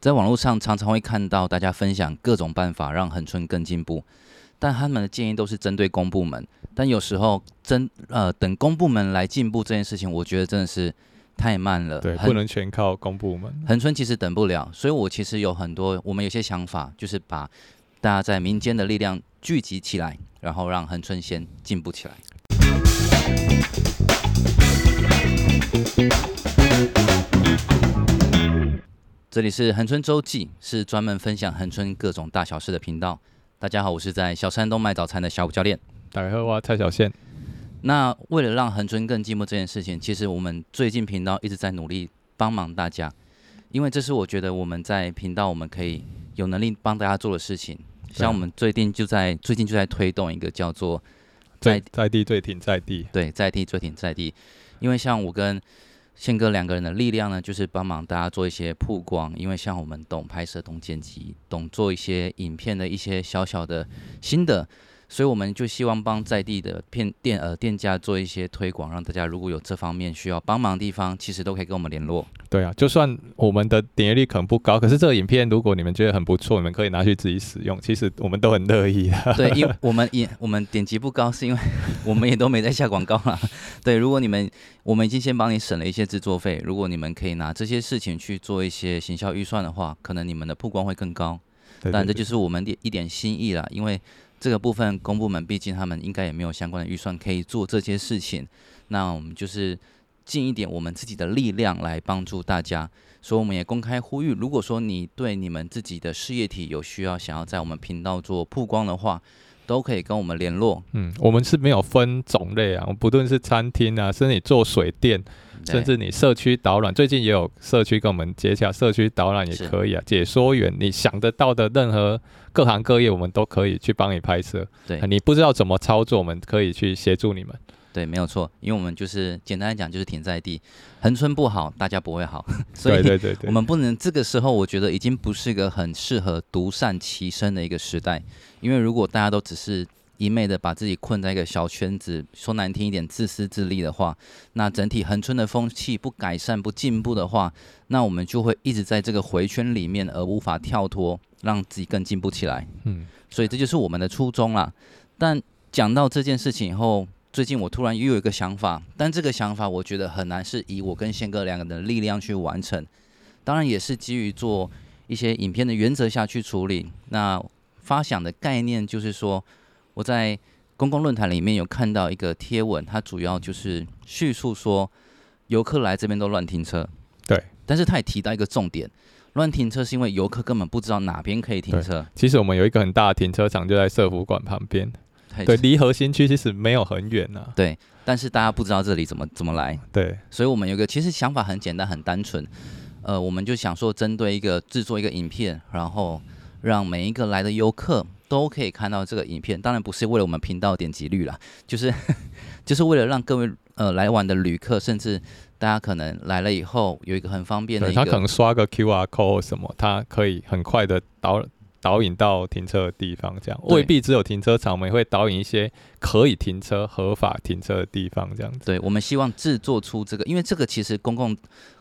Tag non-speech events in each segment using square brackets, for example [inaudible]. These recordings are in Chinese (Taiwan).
在網絡上常常會看到大家分享各種辦法，讓恆春更進步，但他們的建議都是針對公部門。但有時候真呃，等公部門來進步這件事情，我覺得真的是太慢了。對，不能全靠公部門。恆春其實等不了，所以我其實有很多，我們有些想法，就是把大家在民間的力量聚集起來，然後讓恆春先進步起來。 [music] 這裡是恆春週記，是專門分享恆春各種大小事的頻道。大家好，我是在小山東賣早餐的小虎教練。大家好，啊，我是蔡小憲。那為了讓恆春更進步這件事情，其實我們最近頻道一直在努力幫忙大家，因為這是我覺得我們在頻道我們可以有能力幫大家做的事情。像我們最近就在最近就在推動一個叫做在在地最挺，在地，對，在地最挺，在地，因為像我跟。憲哥兩個人的力量呢，就是幫忙大家做一些曝光，因為像我們懂拍攝、懂剪輯、懂做一些影片的一些小小的新的。所以我們就希望幫在地的片店、呃、店家做一些推廣，讓大家如果有這方面需要幫忙的地方，其實都可以跟我們聯絡。對啊，就算我們的點擊率可能不高，可是這個影片如果你們覺得很不錯，你們可以拿去自己使用，其實我們都很樂意的。對，因為我們也，我們點擊不高，是因為我們也都沒在下廣告啦。 [laughs] 對，如果你們我們已經先幫你省了一些制作費，如果你們可以拿這些事情去做一些行銷預算的話，可能你們的曝光會更高。對對對。但這就是我們的一點心意啦，因為。這個部分公部門畢竟他們應該也沒有相關的預算可以做這些事情，那我們就是盡一點我們自己的力量來幫助大家。所以我們也公開呼籲，如果說你對你們自己的事業體有需要，想要在我們頻道做曝光的話，都可以跟我們聯絡。嗯，我們是沒有分種類啊，我們不論是餐廳啊，是你做水電。甚至你社區導覽，最近也有社區跟我們接洽，社區導覽也可以啊。解說員，你想得到的任何各行各業，我們都可以去幫你拍攝。對、啊，你不知道怎麼操作，我們可以去協助你們。對，沒有錯，因為我們就是簡單來講，就是停在地，恆春不好，大家不會好。所以對對。我們不能這個時候，我覺得已經不是一個很適合獨善其身的一個時代，因為如果大家都只是。一味的把自己困在一個小圈子，說難聽一點，自私自利的話，那整體恆春的風氣不改善、不進步的話，那我們就會一直在這個回圈裡面，而無法跳脫，讓自己更進步起來。嗯，所以這就是我們的初衷啦。但講到這件事情以後，最近我突然又有一個想法，但這個想法我覺得很難是以我跟憲哥兩個人的力量去完成，當然也是基於做一些影片的原則下去處理。那發想的概念就是說。我在公共論壇裡面有看到一個貼文，它主要就是敘述說遊客來這邊都亂停車。對，但是他也提到一個重點，亂停車是因為遊客根本不知道哪邊可以停車。其實我們有一個很大的停車場就在社福館旁邊，對，離核心區其實沒有很遠呢、啊。對，但是大家不知道這裡怎麼怎麼來。對，所以我們有一個其實想法很簡單很單純，呃，我們就想說針對一個製作一個影片，然後讓每一個來的遊客。都可以看到這個影片，當然不是為了我們頻道點擊率啦，就是就是為了讓各位呃來玩的旅客，甚至大家可能來了以後有一個很方便的，他可能刷個 QR Code 或什麼，他可以很快的導導引到停車的地方，這樣未必只有停車場，我們也會導引一些可以停車、合法停車的地方這樣子。對，我們希望制作出這個，因為這個其實公共。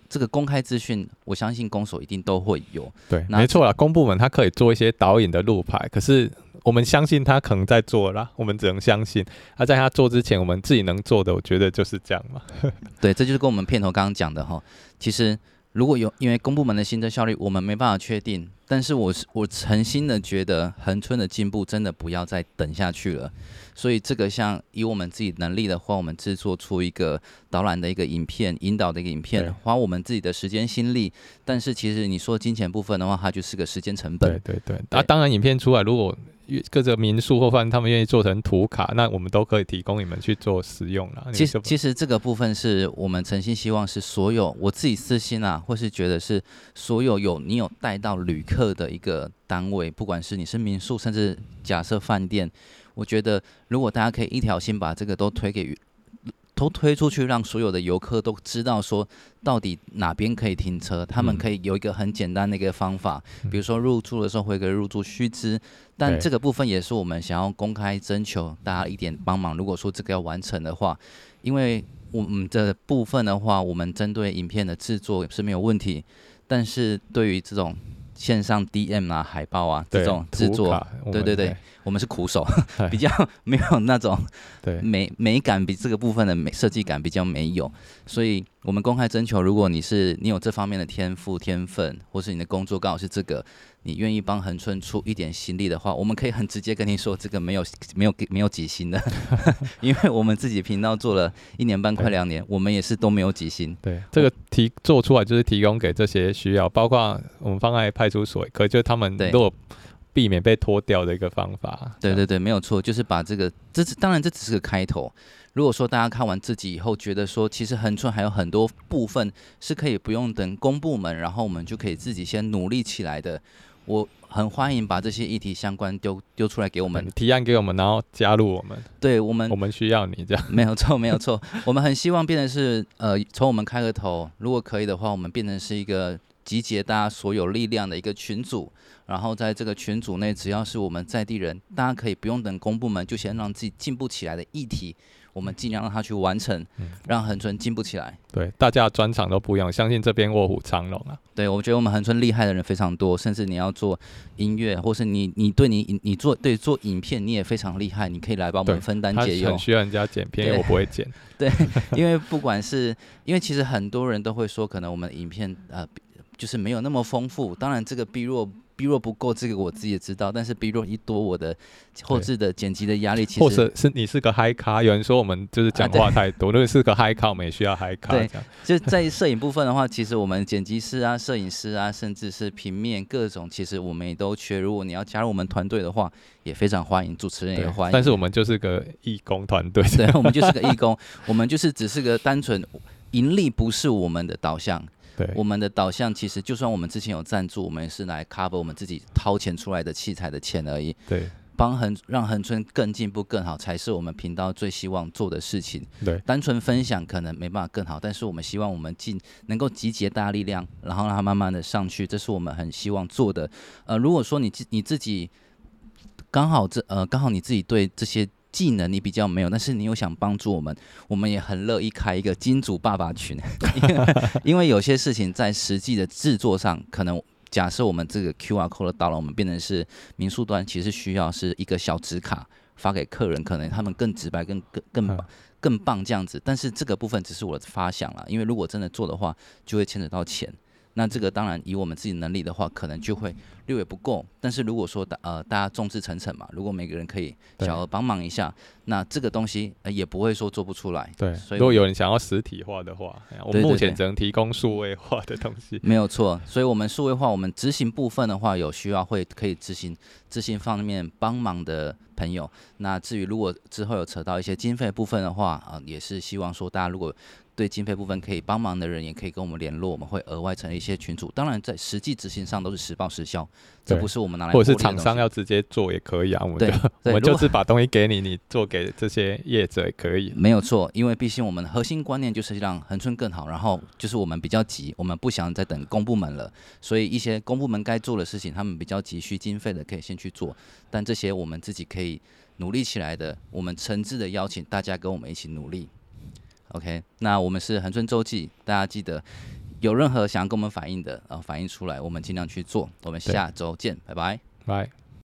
這個公開資訊，我相信公所一定都會有。對，沒錯啦，公部門他可以做一些導引的路牌，可是我們相信他可能在做啦，我們只能相信。而、啊、在他做之前，我們自己能做的，我覺得就是這樣嘛。 [laughs] 對，這就是跟我們片頭剛剛講的齁，其實。如果有，因為公部門的行政效率，我們沒辦法確定。但是我是我誠心的覺得，恆春的進步真的不要再等下去了。所以這個像以我們自己的能力的話，我們製作出一個導覽的一個影片，引導的一個影片，花我們自己的時間心力。但是其實你說金錢部分的話，它就是個時間成本。對對對。那、啊、當然，影片出來如果。各者民宿或飯店他們願意做成圖卡，那我們都可以提供你們去做使用了。其實，其實這個部分是我們誠心希望是所有，我自己私心啊，或是覺得是所有有你有帶到旅客的一個單位，不管是你是民宿，甚至假設飯店，我覺得如果大家可以一條心把這個都推給。都推出去，讓所有的遊客都知道說，到底哪邊可以停車，他們可以有一個很簡單的一個方法，嗯、比如說入住的時候會給入住須知、嗯，但這個部分也是我們想要公開徵求大家一點幫忙。如果說這個要完成的話，因為我們這部分的話，我們針對影片的制作是沒有問題，但是對於這種線上 DM 啊、海報啊這種制作，對對，對對。我們是苦手，比較沒有那種美對美感，比這個部分的美設計感比較沒有，所以我們公開徵求，如果你是你有這方面的天賦天分，或是你的工作剛好是這個，你願意幫恆春出一點心力的話，我們可以很直接跟你說，這個沒有沒有沒有基薪的， [laughs] 因為我們自己頻道做了一年半快兩年，欸，我們也是都沒有基薪。對，這個提做出來就是提供給這些需要，包括我們放在派出所，可以就是他們如避免被脫掉的一個方法，對對對，沒有錯，就是把這個，這當然這只是個開頭。如果說大家看完自己以後覺得說，其實恆春還有很多部分是可以不用等公部門，然後我們就可以自己先努力起來的，我很歡迎把這些議題相關丟丟出來給我們，提案給我們，然後加入我們。對我們，我們需要你這樣，沒有錯，沒有錯，我們很希望變成是呃，從我們開個頭，如果可以的話，我們變成是一個。集結大家所有力量的一個群組，然後在這個群組內，只要是我們在地人，大家可以不用等公部門，就先讓自己進步起來的議題，我們盡量讓他去完成，嗯、讓恆春進步起來。對，大家專長都不一樣，相信這邊臥虎藏龍啊。對，我覺得我們恆春厲害的人非常多，甚至你要做音樂，或是你你對你你做對做影片，你也非常厲害，你可以來幫我們分擔解憂。他很需要人家剪片，因為我不會剪。對，對 [laughs] 因為不管是因為其實很多人都會說，可能我們影片呃。就是沒有那麼豐富，當然這個 B-roll B-roll 不夠，這個我自己也知道。但是 B-roll 一多，我的後製的剪輯的壓力其實。或者是你是個嗨咖，有人說我們就是講話太多，啊，對，因為是個嗨咖，我們也需要嗨咖。對，就在攝影部分的話， [laughs] 其實我們剪輯師啊、攝影師啊，甚至是平面各種，其實我們也都缺。如果你要加入我們團隊的話，也非常歡迎，主持人也歡迎。但是我們就是個義工團隊，對，我們就是個義工， [laughs] 我們就是只是個單純 [laughs] 盈利，不是我們的導向。，對我們的導向，其實就算我們之前有贊助，我們也是來 cover 我們自己掏錢出來的器材的錢而已。對，幫恆讓恆春更進步更好，才是我們頻道最希望做的事情。對，單純分享可能沒辦法更好，但是我們希望我們盡能夠集結大力量，然後讓它慢慢的上去，這是我們很希望做的。呃，如果說你自你自己剛好這呃剛好你自己對這些。技能你比較沒有，但是你又想幫助我們，我們也很樂意開一個金主爸爸群， [laughs] 因為，因為有些事情在實際的制作上，可能假設我們這個 QR code 到了，我們變成是民宿端，其實需要是一個小紙卡發給客人，可能他們更直白、更更更更棒，這樣子。但是這個部分只是我的發想了，因為如果真的做的話，就會牽扯到錢。那這個當然以我們自己能力的話，可能就會略微不夠。但是如果說大呃大家眾志成城嘛，如果每個人可以小額幫忙一下，那這個東西、呃、也不會說做不出來。對，所以如果有人想要實體化的話，我們目前只能提供數位化的東西。對對對，沒有錯，所以我們數位化，我們執行部分的話有需要會可以執行執行方面幫忙的朋友。那至於如果之後有扯到一些經費部分的話啊、呃，也是希望說大家如果。對經費部分可以幫忙的人，也可以跟我們聯絡，我們會額外成立一些群組。當然，在實際執行上都是實報實銷，這不是我們拿來的。或者是廠商要直接做也可以啊，我們就對對我們就是把東西給你， [laughs] 你做給這些業者也可以。沒有錯，因為畢竟我們核心觀念就是讓恆春更好。然後就是我們比較急，我們不想再等公部門了，所以一些公部門該做的事情，他們比較急需經費的，可以先去做。但這些我們自己可以努力起來的，我們誠摯的邀請大家跟我們一起努力。OK，那我們是恆春週記，大家記得有任何想要跟我們反映的啊、呃，反映出來，我們盡量去做。我們下周見，拜拜，拜。